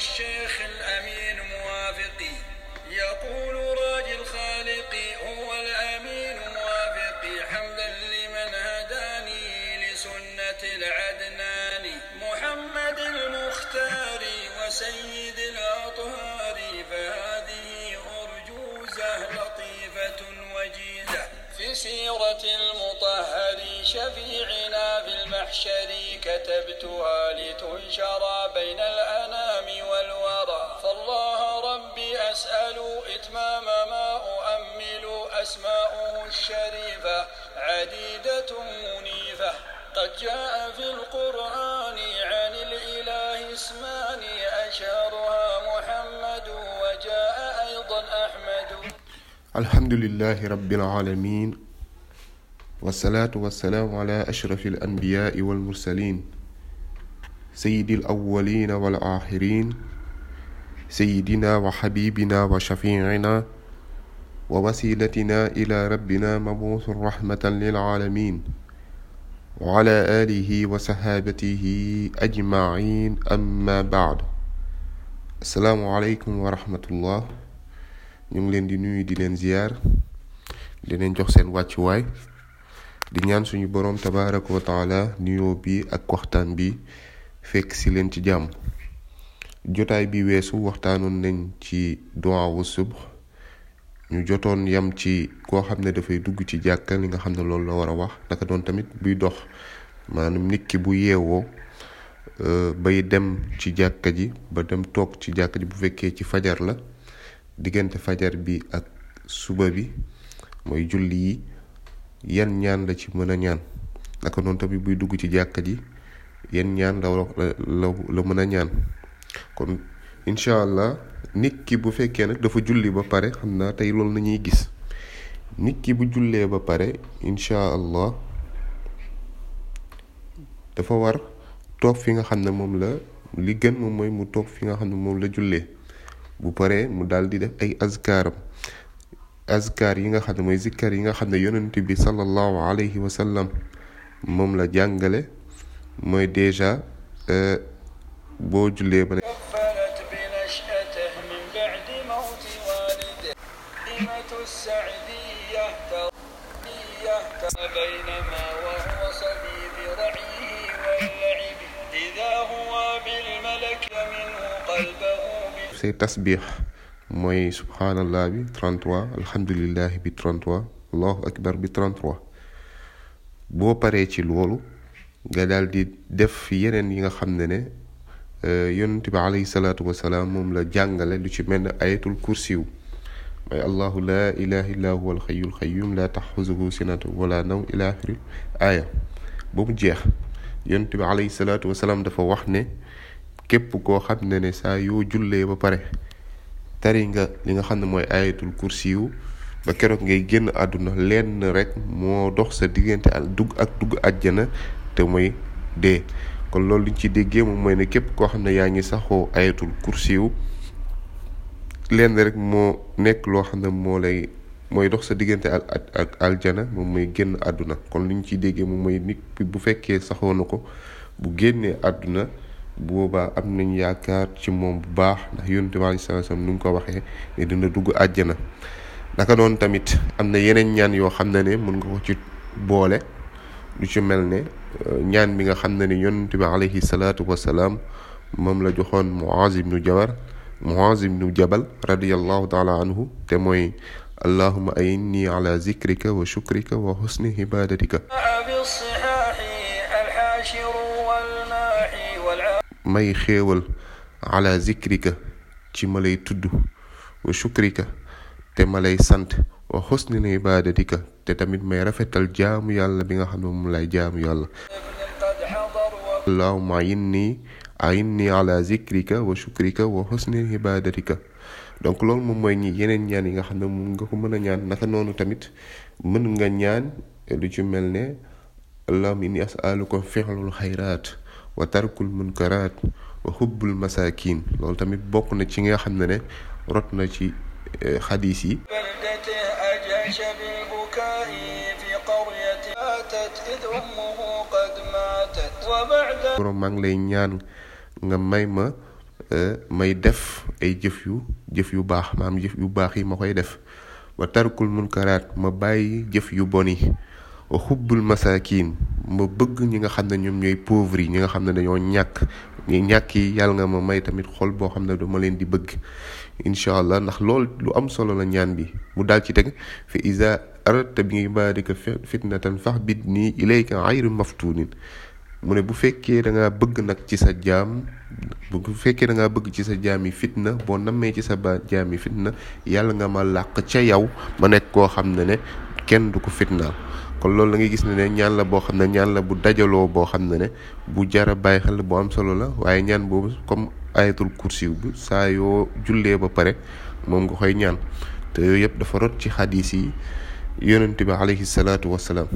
الشيخ الأمين موافقي يقول راجي الخالق هو الأمين موافقي حمدا لمن هداني لسنة العدنان محمد المختار وسيد الأطهار فهذه أرجوزة لطيفة وجيزة في سيرة المطهر شفيعنا في المحشر كتبتها لتنشر بين الأنام أكملوا إتمام ما أؤملوا أسماؤه الشريفة عديدة منيفة قد جاء في القرآن عن الإله اسمان أشهرها محمد وجاء أيضا أحمد الحمد لله رب العالمين والصلاة والسلام على أشرف الأنبياء والمرسلين سيد الأولين والآخرين sayyidina wa xabibina wa shafiicina wa wasilatina ila rabbina mabuusu rahmatan lil aalamiin wa ala aalihi wa sahaabatihi ajmaciin amma baad asalaamu aleykum wa rahmatullah ñu ngi leen di nuyu di leen ziyaar di leen jox seen wàccuwaay di ñaan suñu boroom tabaaraka wa taala nuyoo bi ak waxtaan bi fekk si leen ci jàmm jotaay bi weesu waxtaanu nañ ci duwaawu subh ñu jotoon yam ci koo xam ne dafay dugg ci jàkka li nga xam ne loolu la war a wax naka doon tamit buy dox maanaam nit ki bu yeewoo euh, bay dem ci jàkka ji ba dem toog ci jàkka bu fekkee ci fajar la diggante fajar bi ak suba bi mooy julli yi yan ñaan la ci mën a ñaan naka noonu tamit buy dugg ci jàkka ji yan ñaan la la la mën a ñaan kon incha allah nit ki bu fekkee nag dafa julli ba pare xam naa tey loolu la gis nit ki bu jullee ba pare incha dafa war toog fi nga xam ne moom la li gën moom mooy mu toog fi nga xam ne moom la jullee bu paree mu dal di def ay azkaaram azkaar yi nga xam ne mooy zikkar yi nga xam ne yonent bi sallallahu alayhi wa sallam moom la jàngale mooy déjà euh, boo jullee ba say tasbiix mooy subhaanallah bi 33 alhamdulilah bi 33 allahu akbar bi 33 boo paree ci loolu nga daal di def yeneen yi nga xam ne ne euh, yonent bi alayhi salaatu wasalaam moom la jàngale lu ci mel ne ayatul kursiw mooy allahu laa ilaha illa huwa alxayul xayum laa taxusuhu sinatu wala naw ila axiri aaya ba mu jeex yonent bi alayhi salaatu wasalaam dafa wax ne képp koo xam ne saa yoo jullee ba pare tari nga li nga xam ne mooy ayatul kursiyu ba keroog ngay génn àdduna lenn rek moo dox sa diggante ak dugg ak dugg àjjana te mooy dee kon loolu liñ ci déggee moom mooy ne képp koo xam ne yaa ngi saxoo ayatul kursiyu lenn rek moo nekk loo xam ne moo lay mooy dox sa diggante ak ak aljana moom mooy génn àdduna kon liñ ciy déggee moom mooy nit bu fekkee saxoo na ko bu génnee àdduna bu boobaa am nañ yaakaar ci moom bu baax ndax yonent bi alayhi salaam nu mu ko waxee ne dina dugg àjjana naka noon tamit am na yeneen ñaan yoo xam ne ne mën nga ko ci boole lu ci mel ne euh, ñaan bi nga xam ne ne yonent bi alayhi salaatu wasalaam moom la joxoon Muaz ibnu Jabar Muaz ibnu Jabal radiyallahu taala anhu te mooy allahuma ayinni ala zikrika wa shukrika wa husni ibadatika may xéewal ala zikrika ci ma lay tudd wa shukrika te ma lay sant wa xusni na ibadatika te tamit may rafetal jaamu yàlla bi nga xam ne moom lay jaamu yàlla allahumma ayinni ayinni ala zikrika wa shukrika wa xusni ibadatika donc loolu moom mooy ñi yeneen ñaan yi nga xam ne moom nga ko mën a ñaan naka noonu tamit mën nga ñaan lu ci mel ne allahumma inni as'aluka fi'lul xayraat wa tarkul munkaraat wa xubbul masaakin loolu tamit bokk na ci nga xam ne ne rot na ci eh, xadiis yi boroom maa ngi lay ñaan nga may ma eh, may def ay jëf yu jëf yu baax maam jëf yu baax yi ma koy def wa tarkul munkaraat ma bàyyi jëf yu bon yi wa xubbul masaakiin ma bëgg ñi nga xam ne ñoom ñooy pauvres yi ñi nga xam ne dañoo ñàkk ñi ñàkk yi yàlla nga ma may tamit xol boo xam ne dama leen di bëgg incha allah ndax lool lu am solo la ñaan bi mu daal ci teg fa isa aradta bi ibaadika fitnatan faxbit nii ilayka ayru maftunin mu ne bu fekkee da ngaa bëgg nag ci sa jaam bu fekkee da ngaa bëgg ci sa jaam yi fitna boo nammee ci sa ba jaam yi fitna yàlla nga ma làq ca yow ma nekk koo xam ne ne kenn du ko fitnaal kon loolu la ngay gis ne ne ñaan la boo xam ne ñaan la bu dajaloo boo xam ne ne bu jara bàyyi xel bu am solo la waaye ñaan boobu comme ayatul kursi bu saa yoo jullee ba pare moom nga koy ñaan te yooyu yëpp dafa rot ci xadis yi yonent bi alayhi salaatu wasalaam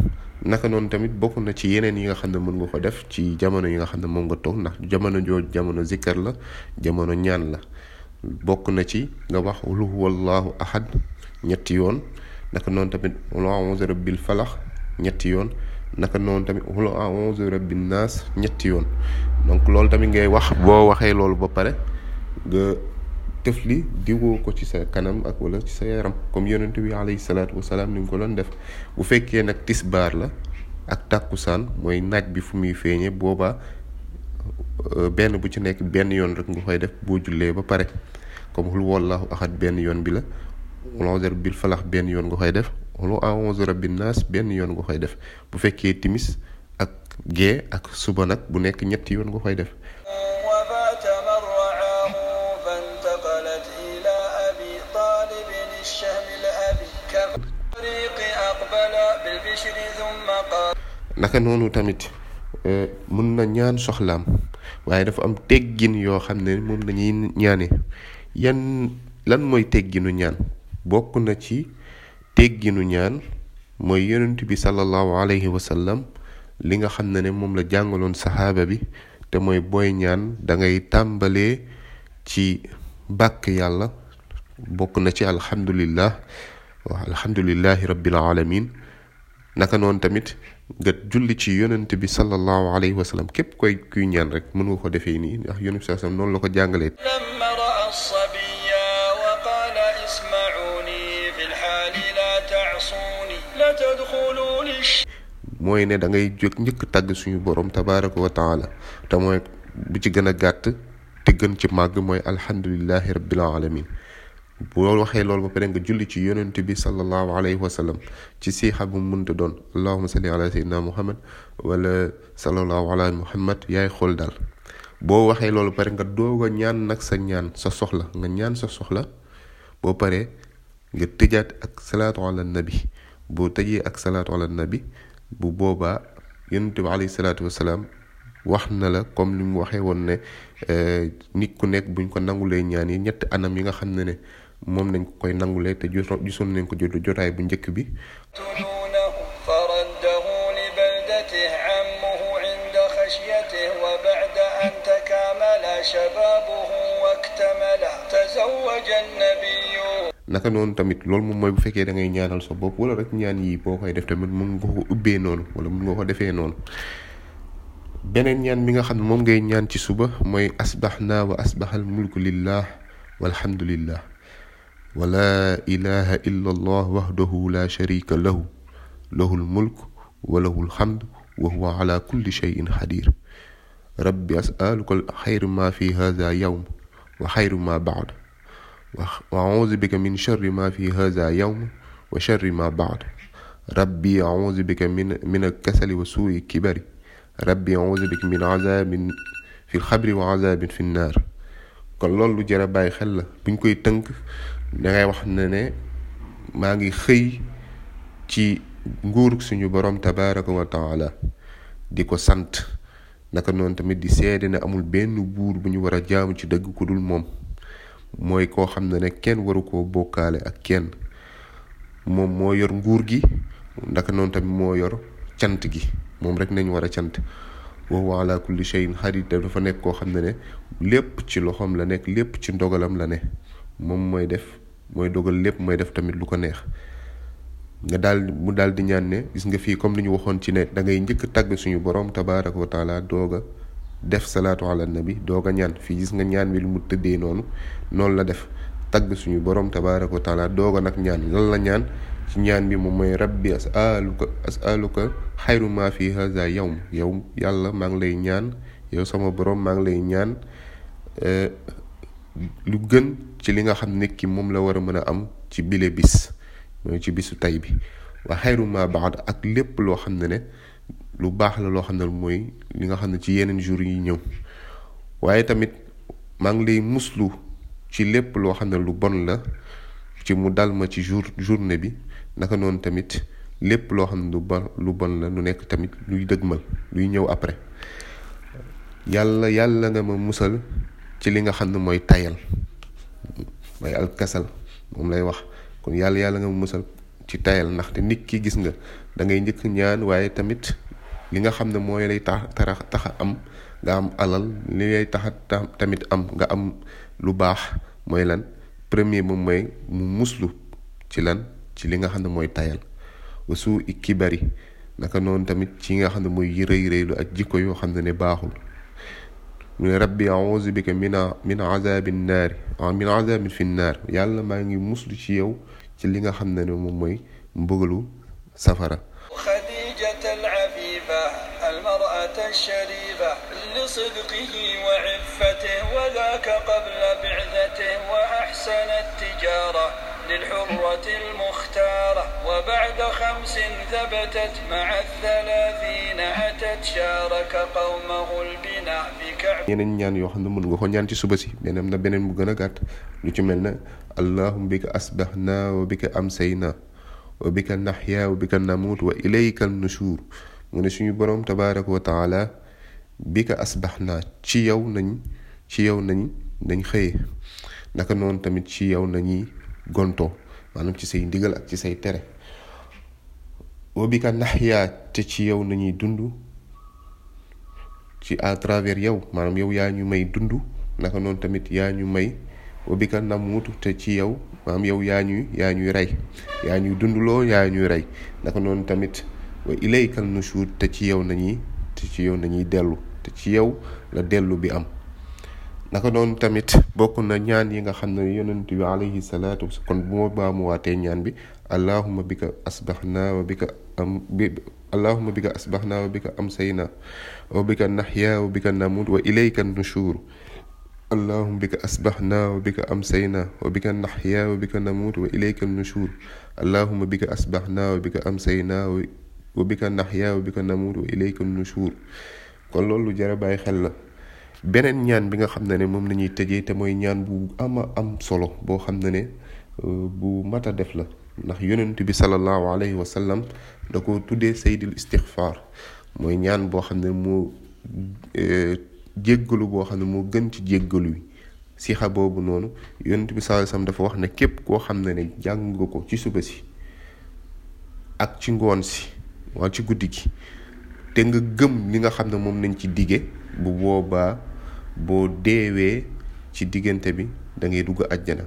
naka noonu tamit bokk na ci yeneen yi nga xam ne mën nga ko def ci jamono yi nga xam ne moom nga toog ndax jamono jooju jamono zikkar la jamono ñaan la bokk na ci nga wax lu huwallahu ñetti yoon naka noonu tamit wala onze rabbil falax ñetti yoon naka noonu tamit wala onze rabbin naas ñetti yoon donc loolu tamit ngay wax boo waxee loolu ba pare nga tëf li diwoo ko ci sa kanam ak wala ci sa yaram comme yonent bi alayhi salaatu wasalaam ni mu ko doon def bu fekkee nag tis baar la ak tàkkusaan mooy naaj bi fu muy feeñee boobaa euh, benn bu ci nekk benn yoon rek nga koy def boo jullee ba pare comme xul la waxat benn yoon bi la wala zer bil falax benn yoon nga koy def wala a'uuzu rabbi naas benn yoon nga koy def bu fekkee timis ak gee ak suba nag bu nekk ñetti yoon nga koy def naka noonu tamit e, mun na ñaan soxlaam waaye dafa am teggin yoo xam ne moom lañuy ñaane yan lan mooy tegginu ñaan bokk na ci tegginu ñaan mooy yonent bi sallallahu alayhi wa li nga xam ne ne moom la jàngaloon saxaaba bi te mooy booy ñaan dangay ngay tàmbalee ci bàkk yàlla bokk na ci alhamdulillah wa alhamdulillahi rabbil alamin naka noonu tamit nga julli ci yonent bi sallallahu alayhi wa sallam képp koy kuy ñaan rek mën nga ko defee nii ndax yonent bi sallallahu alayhi wa la ko jàngalee mooy ne da ngay jóg njëkk tàgg suñu borom tabaraka wa taala te mooy bu ci gën a gàtt te gën ci màgg mooy alhamdulilahi rabbil alamin boo waxee loolu ba pare nga julli ci yonent bi sallallahu alayhi wa sallam ci siixa bu mu mënta doon allahuma salli ala sayyidina muhammad wala sallallahu ala muhammad yaay xool daal boo waxee loolu pare nga doog a ñaan nag sa ñaan sa soxla nga ñaan sa soxla boo pare nga tëjaat ak salaatu ala nabi boo tëjee ak salaatu ala bu boobaa yonent bi alayhi salaatu wasalaam wax na la comme li mu waxee woon ne eh, nit ku nekk buñ ko nangulee ñaan yi ñetti anam yi nga xam ne ne moom nañ ko koy nangulee te gisoon nañ ko jot jotaay bu njëkk bi wa naka noonu tamit loolu moom mooy bu fekkee da ngay ñaanal sa bopp wala rek ñaan yi boo koy def tamit mun nga ko ubbee noonu wala mun nga ko defee noonu beneen ñaan mi nga xam ne moom ngay ñaan ci suba mooy asbaxna wa asbaxal mulku lillah walhamdulillah wala ilaha illa allah wahdahu la sharika lahu lahu lmulk wa lahu lhamd wa huwa ala kulli cheyin xadir rabbi asaluka xayru ma fi hada yawm wa xayru ma baad وأعوذ بك من شر ما في هذا يوم وشر ما بعده ربي أعوذ بك من من الكسل وسوء الكبر ربي أعوذ بك من عذاب في الخبر وعذاب في النار kon loolu lu jar a bàyyi xel la bu ñu koy tënk dangay wax ne ne maa ngi xëy ci nguur suñu borom tabaraka wa taala di ko sant naka noonu tamit di seede ne amul benn buur bu ñu war a jaamu ci dëgg ku dul moom mooy koo xam ne ne kenn waru koo bokkaale ak kenn moom moo yor nguur gi ndaka noonu tamit moo yor cant gi moom rek nañ war a cant wa huwa ala kulli xarit dafa nekk koo xam ne ne lépp ci loxoom la nekk lépp ci ndogalam la ne moom mooy def mooy dogal lépp mooy def tamit lu ko neex nga daal mu daal di ñaan ne gis nga fii comme li ñu waxoon ci ne da ngay njëkk tàgg suñu borom tabaaraka wa taala dooga def salaatu ala nabi doog a ñaan fii gis nga ñaan bi lu mu tëddee noonu noonu la def tagg suñu borom tabaaraka wa taala doog a nag ñaan lan la ñaan ci ñaan bi moom mooy rabbi asaluka asaluka xayru ma fi haza yawm yow yàlla maa ngi lay ñaan yow sama boroom maa ngi lay ñaan eh, lu gën ci li nga xam nit ki moom la war a mën a am ci bile bis mooy ci bisu tey bi wa xayru ma ak lépp loo xam ne lu baax la loo xam ne mooy li nga xam ne ci yeneen jours yi ñëw waaye tamit maa ngi lay muslu ci lépp loo xam ne lu bon la ci mu dal ma ci jour journée bi naka noonu tamit lépp loo xam ne lu bon lu bon la lu nekk tamit luy dëgmal luy ñëw après yàlla yàlla nga ma musal ci li nga xam ne mooy tayal mooy alkasal moom lay wax kon yàlla yàlla nga ma musal ci tayal ndaxte nit ki gis nga da ngay njëkk ñaan waaye tamit li nga xam ne mooy lay tax tara tax a am nga am alal li lay tax a tamit am nga am lu baax mooy lan premier moom mooy mu muslu ci lan ci li nga xam ne mooy tayal wasu i kibari naka noonu tamit ci nga xam ne mooy rëy ak jikko yoo xam ne ne baaxul mu ne rabbi auzu bika min ah, min azabin naari min azabin fi naar yàlla maa ngi muslu ci yow ci li nga xam ne ne moom mooy mbugalu safara خديجة العفيفة المرأة الشريفة لصدقه وعفته وذاك قبل بعثته وأحسن التجارة للحرة المختارة وبعد خمس ثبتت مع الثلاثين أتت شارك قومه البناء بكعب yeneen ñaan yoo xam ne mën nga ko ñaan ci suba si mais am na beneen bu gën a gàtt lu ci mel ne allahumma bika asbahna wa bika amsayna wa bika naxya wa bika namuut wa ilayka nushur mu ne suñu boroom tabaraka wa taala bika asbax naa ci yow nañ ci yow nañ dañ xëye naka noonu tamit ci yow nañuy gontoo maanaam ci say ndigal ak ci say tere wa bika naxya te ci yow nañuy dund ci à travers yow maanaam yow yaa ñu may dund naka noonu tamit yaa ñu may wa bika namuutu te ci yow maanaam yow yaa ñuy yaa ñuy rey yaa ñuy dundloo yaa ñuy rey naka noonu tamit wa ilaykal nushur te ci yow nañuy te nañuy dellu te ci yow la dellu bi am naka doon tamit bokk na ñaan yi nga xam ne yonent bi alayhi salaatu kon bu ma baamuwaatee ñaan bi allahuma bi ka asbaxnaa wa bi am bi allahuma bi ka asbaxnaa wa bi ka amsaynaa wa bi ka wa bi namut wa ilayka nushur allahum bika asbaxna wa am amsayna wa bika naxya wa bika namuut wa ilayka nushur allahuma bika asbaxna wa am amsayna wa bika naxya wa bika namuut wa ilayka nushur kon loolu lu jara bàyyi xel la beneen ñaan bi nga xam ne ne moom la ñuy tëjee te mooy ñaan bu ama am solo boo xam ne ne euh, bu mat a def la ndax yonent bi sallallahu alayhi wa da ko tuddee saydil istixfaar mooy ñaan boo xam ne mu jéggalu boo xam ne moo gën ci jéggalu yi sixa boobu noonu yonent bi sallallahu alayhi dafa wax ne képp koo xam ne ne jàng ko ci suba si ak ci ngoon si waa ci guddi gi te nga gëm ni nga xam ne moom nañ ci dige bu boobaa boo deewee ci diggante bi dangay ngay dugg àjjana.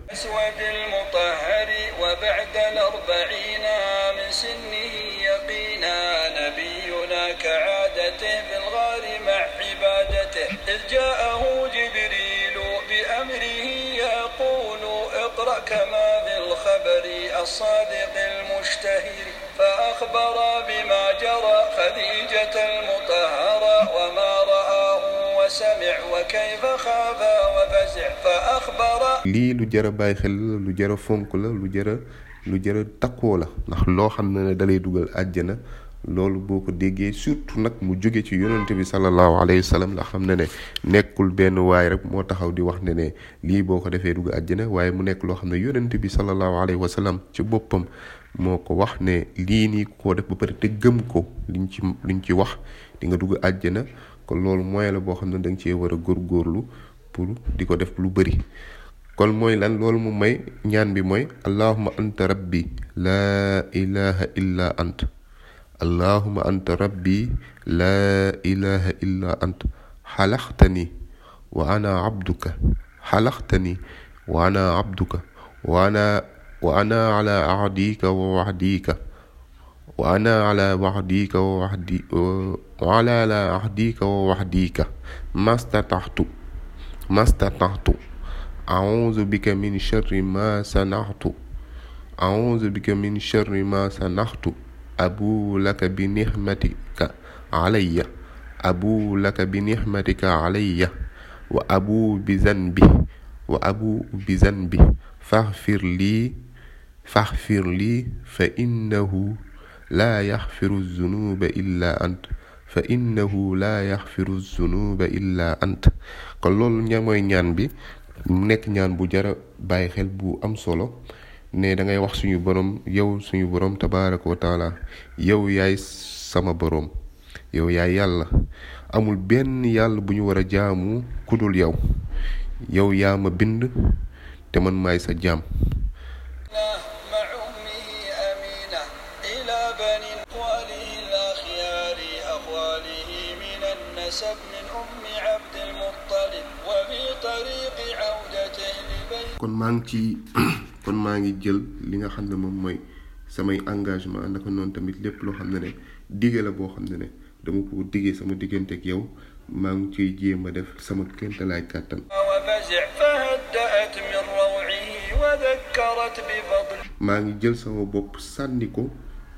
كما بالخبر الصادق المشتهر فأخبر بما جرى خديجة المطهرة وما رآه وسمع وكيف خاف وفزع فأخبر lii lu jar a bàyyi xel la lu jar a fonk la lu jar a lu jar a takkoo la ndax loo xam ne ne dalay dugal àjjana loolu boo ko déggee surtout nag mu jóge ci yonente bi sallallahu alayhi wa sallam la xam ne ne nekkul benn waay rek moo taxaw di wax ne ne lii boo ko defee dugg àjjana waaye mu nekk loo xam ne yonente bi sallallahu alayhi wa sallam ci boppam moo ko wax ne lii nii koo def ba pare te gëm ko liñ ci liñ ci wax di nga dugg àjjana kon loolu moyen la boo xam ne danga nga cee war a góorlu pour di ko def lu bari kon mooy lan loolu mu may ñaan bi mooy allahumma anta rabbi laa ilaha illa ant allahuma anta rabbi laa ilaha illa ant xalaxtani wa ana abduka xalaxtani wa ana abduka wa ana wa ana ala ahdika wa wahdika wa ana ala wahdika wa wahdi wa ana ala ahdika wa wahdika mastataxtu mastataxtu auzu bika min sharri ma sanaxtu auzu bika min sharri ma sanaxtu abu laka bi nixmatika alayya abu laka bi nixmatika alayya wa abu bi zanbi wa abu bi zanbi faxfir lii faxfir lii fa innahu laa yaxfiru zunuba illaa ant fa innahu laa yaxfiru zunuba illaa ant kon loolu ña mooy ñaan bi mu nekk ñaan bu jara bàyyi xel bu am solo ne da ngay wax suñu borom yow suñu borom tabaraka wa taala yow yaay sama boroom yow yaay yàlla amul benn yàlla bu ñu wara a jaamu kudul yow yow yaa ma bind te man maay sa jaam kon maa ci kon maa ngi jël li nga xam ne moom mooy samay engagement naka noonu tamit lépp loo xam ne ne dige la boo xam ne ne dama ko digee sama diggante yow maa ngi ciy jéem a def sama kéemtalaay kàttan maa ngi jël sama bopp sànni ko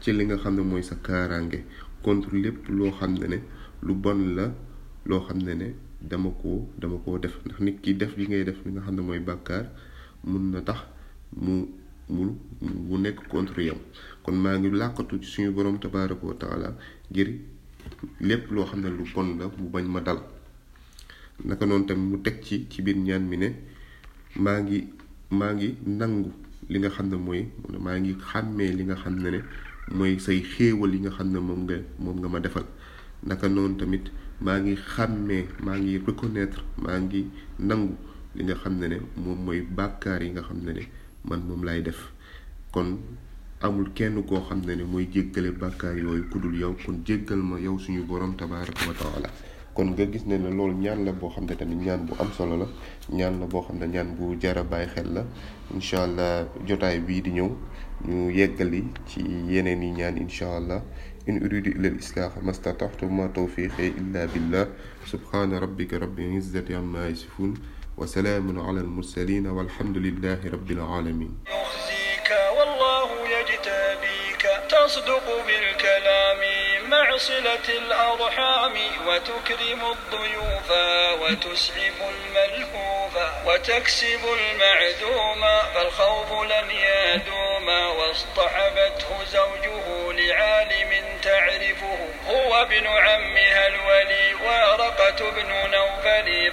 ci li nga xam ne mooy sa kaaraange contre lépp loo xam ne ne lu bon la loo xam ne ne dama ko dama koo def ndax nit ki def li ngay def li nga xam ne mooy bàkkaar mun na tax mu mu mu nekk contre yow kon maa ngi làkkatu ci suñu borom tabaaraka wa ngir lépp loo xam ne lu bon la mu bañ ma dal naka noonu tamit mu teg ci ci biir ñaan mi ne maa ngi maa ngi nangu li nga xam ne mooy maa ngi xàmmee li nga xam ne ne mooy say xéewal yi nga xam ne moom nga moom nga ma defal naka noonu tamit maa ngi xàmmee maa ngi reconnaître maa ngi nangu li nga xam ne ne moom mooy bàkkaar yi nga xam ne ne man moom lay def kon amul kenn koo xam ne ne mooy jéggale bàkkaar yooyu kudul yow kon jéggal ma yow suñu borom tabaraka wa la kon nga gis ne ne loolu ñaan la boo xam ne tamit ñaan bu am solo la ñaan la boo xam ne ñaan bu jara bàyyi xel la incha allah jotaay bii di ñëw ñu yeggali ci yeneen yi ñaan incha allah in uridu illa al-islaah mastata'tu ma tawfiqi illa billah subhaana rabbika rabbil de amma yasifun wa salaamun ala almursalin walhamdulillahi rabbil alamin تصدق بالكلام مع صلة الأرحام وتكرم الضيوف وتسعب الملهوف وتكسب المعدوم فالخوض لن يدوم واصطحبته زوجه لعالم تعرفه هو ابن عمها الولي وارقة بن نوفل